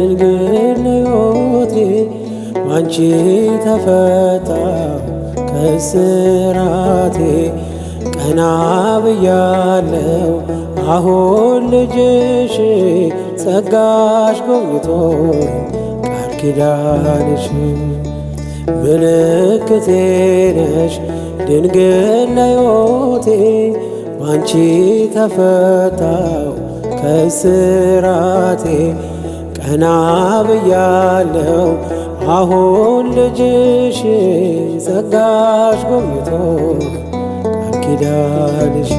ድንግል ሕይወቴ ባንቺ ተፈታሁ ከስራቴ። ቀና ብያለው አሁን ልጅሽ ጸጋሽ ጎብኝቶ ቃል ኪዳንሽ ምልክቴ ነሽ ድንግል ሕይወቴ ባንቺ ተፈታሁ ከስራቴ ቀና ብያለው አሁን ልጅሽን ጸጋሽ ጎብኝቶ ቃል ኪዳንሽ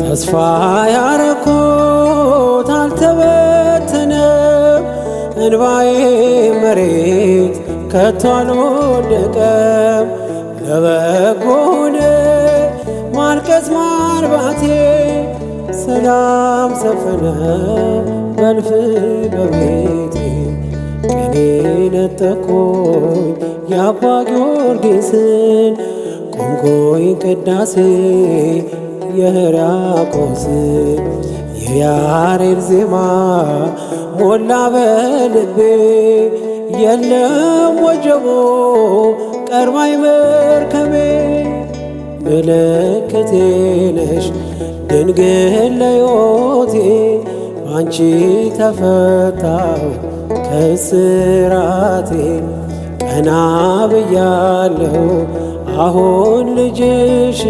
ተስፋ ያረኩት አልተበተነም እንባዬ መሬት ከቶ አልወደቀም። ለበጎ ሆነ ማልቀስ ማርባቴ ሰላም ሰፈነ በልፍ በቤቴ ቀኔ ነጠቆኝ የአባ ጊዮርጊስን ቆንቆኝ ቅዳሴ የሕርያቆስ የያሬድ ዜማ ሞላ በልቤ የለም ወጀቦ ቀርማይ መርከቤ ምልክቴ ነሽ ድንግል ለዮቴ ባንቺ ተፈታው ከስራቴ ቀና ብያለሁ አሁን ልጅሽ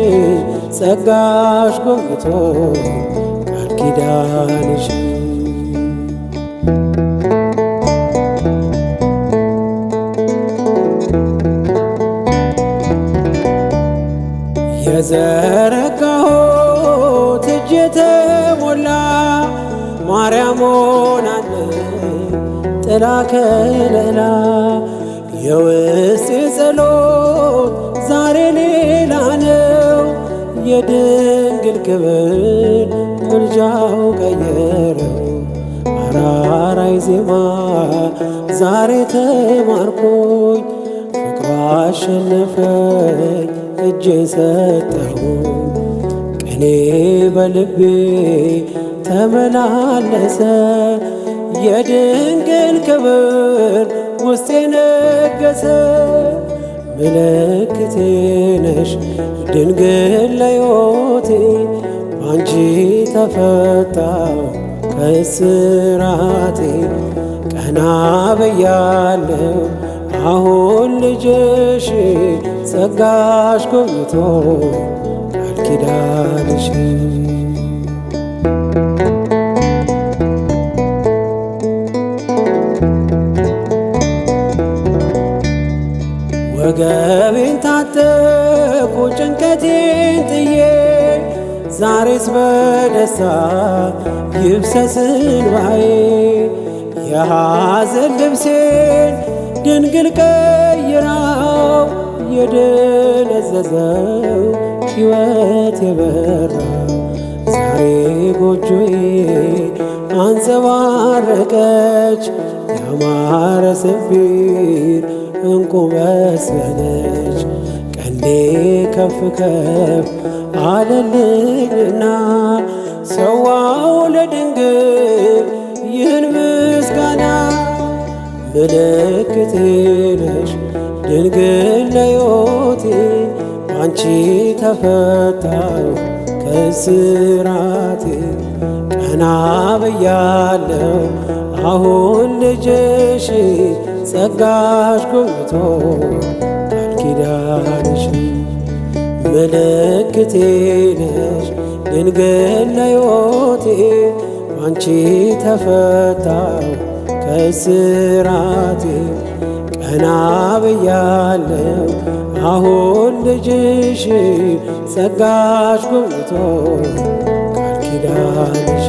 ጸጋሽ ጎብቶ ቃል ኪዳንሽ በዘረጋሁት እጅ የተሞላ ማርያም ሆናል ጥላ ከለላ የውስጤ ጸሎት ዛሬ ሌላ ነው። የድንግል ክብር ምልጃው ቀየረው አራራይ ዜማ ዛሬ ተማርኮኝ ፍቅሯ አሸነፈኝ እጅ ሰጠሁ ቅኔ በልቤ ተመላለሰ የድንግል ክብር ውስጤ ነገሰ። ምልክቴ ነሽ ድንግል ለዮቴ ባንቺ ተፈታው ከስራቴ ቀና ብያለው አሁን ልጅሽ ጸጋሽ ጎብኝቶ ቃል ኪዳንሽ ወገቤን ታጠቁ ጭንቀቴን ጥዬ ዛሬስ በደስታ ይብሰስ እንባዬ የሐዘን ልብሴን ድንግል ቀይራው የደነዘዘው ሕይወት የበራ ዛሬ ጎጆዬ አንጸባረቀች ያማረ ሰፊር እንቁ መስለች ቀንዴ ከፍ ከፍ አለልኝና ሰዋው ለድንግል ይህን ምስጋና ምልክቴ ነሽ ድንግል ለዮቴ አንቺ ተፈታው ከስራቴ ቀና ብያለው አሁን ልጅሽ ጸጋሽ ጎብቶ ቃል ኪዳንሽ ምልክቴ ነሽ ድንግል ለዮቴ አንቺ ተፈታው ከስራቴ ቀና ብያለው አሁን ልጅሽ ጸጋሽ ጎብኝቶ ቃል ኪዳንሽ